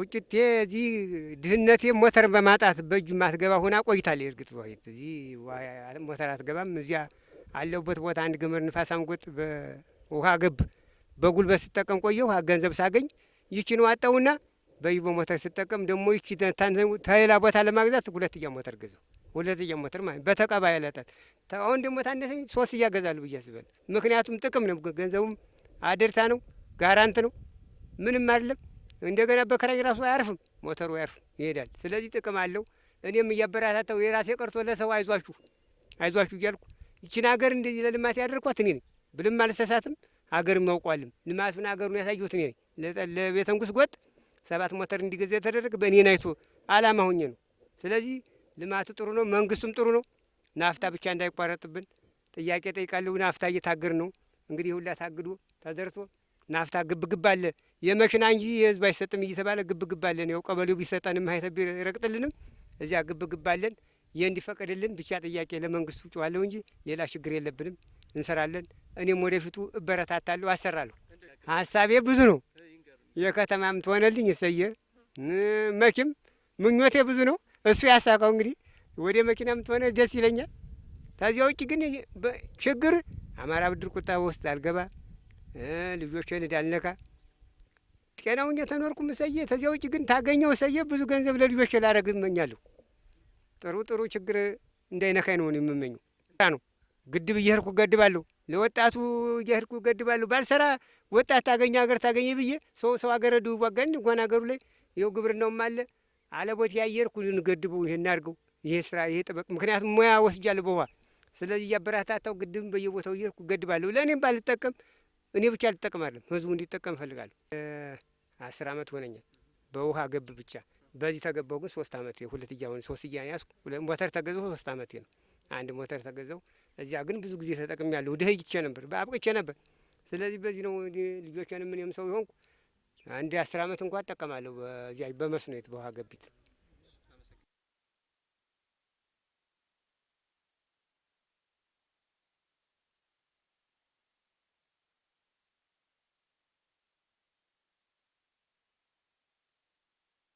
ቁጭቴ እዚህ ድህነቴ ሞተር በማጣት በእጁ ማስገባ ሆና ቆይታል። እርግጥ ወይት እዚህ ሞተር አትገባም። እዚያ አለሁበት ቦታ አንድ ገመድ ንፋስ አንጎጥ በውሃ ገብ በጉልበት ስጠቀም ቆየሁ። ገንዘብ ሳገኝ ይቺን ዋጣውና በይ በሞተር ስጠቀም ደግሞ ይቺ ተሌላ ቦታ ለማግዛት ሁለትያ ሞተር ገዛሁ። ሁለትያ ሞተር ማለት በተቀባ ያለጠት አሁን ደግሞ ታነሰኝ ሶስት እያገዛሉ ብዬ ስበል። ምክንያቱም ጥቅም ነው፣ ገንዘቡም አደርታ ነው፣ ጋራንት ነው፣ ምንም አይደለም እንደገና በከራይ ራሱ አያርፍም፣ ሞተሩ አያርፍም፣ ይሄዳል። ስለዚህ ጥቅም አለው። እኔም እያበረታታው የራሴ ቀርቶ ለሰው አይዟችሁ አይዟችሁ እያልኩ ይችን ሀገር እንደዚህ ለልማት ያደርኳት እኔ ነኝ ብልም አልሰሳትም። ሀገርም ያውቋልም ልማቱን ሀገሩን ያሳየሁት እኔ ነኝ። ለቤተንጉስ ጎጥ ሰባት ሞተር እንዲገዛ የተደረገ በእኔን አይቶ አላማ ሆኜ ነው። ስለዚህ ልማቱ ጥሩ ነው፣ መንግስቱም ጥሩ ነው። ናፍታ ብቻ እንዳይቋረጥብን ጥያቄ ጠይቃለሁ። ናፍታ እየታገር ነው እንግዲህ ሁላ ታግዶ ተዘርቶ ናፍታ ግብግብ አለ የመኪና እንጂ የህዝብ አይሰጥም እየተባለ ግብግብ አለን። ያው ቀበሌው ቢሰጠንም ሀይተብ ይረግጥልንም እዚያ ግብግብ አለን። ይህ ብቻ ጥያቄ ለመንግስቱ ጭዋለሁ እንጂ ሌላ ችግር የለብንም። እንሰራለን። እኔም ወደፊቱ እበረታታለሁ፣ አሰራለሁ። ሀሳቤ ብዙ ነው። የከተማም ትሆነልኝ እሰየ መኪም ምኞቴ ብዙ ነው። እሱ ያሳካው እንግዲህ ወደ መኪናም ትሆነ ደስ ይለኛል። ታዚያ ውጭ ግን ችግር አማራ ብድር ቁጠባ ውስጥ አልገባ ልጆቼን እዳልነካ ጤናውን የተኖርኩም እሰዬ። ተዚያ ውጭ ግን ታገኘው ሰየ ብዙ ገንዘብ ለልጆቼ ላረግ እመኛለሁ። ጥሩ ጥሩ ችግር እንዳይነካኝ ነው የምመኙ ነው ግድብ እየሄድኩ ገድባለሁ፣ ለወጣቱ እየሄድኩ ገድባለሁ። ባልሰራ ወጣት ታገኘ ሀገር ታገኘ ብዬ ሰው ሰው ሀገር ድዋጋን እንኳን ሀገሩ ላይ ይኸው ግብርናውም አለ አለቦት ያየርኩ ልንገድበው ይሄን አድርገው ይሄ ስራ ይሄ ጥበቅ ምክንያቱም ሙያ ወስጃለሁ በኋላ ስለዚህ እያበረታታው ግድብም በየቦታው እየሄድኩ ገድባለሁ ለእኔም ባልጠቀም እኔ ብቻ ልጠቀም ህዝቡ እንዲጠቀም እፈልጋለሁ። አስር አመት ሆነኛል በውሃ ገብ ብቻ በዚህ ተገባው ግን ሶስት አመት ሁለት ሁለትያ ሶስት እያ ያዝኩ። ሞተር ተገዘው ሶስት አመት ነው። አንድ ሞተር ተገዘው እዚያ ግን ብዙ ጊዜ ተጠቅም ያለሁ ድህይቼ ነበር በአብቅቼ ነበር። ስለዚህ በዚህ ነው ልጆችን ምንም ሰው የሆንኩ አንድ አስር አመት እንኳ እጠቀማለሁ በዚያ በመስኖ ቤት በውሃ ገቢት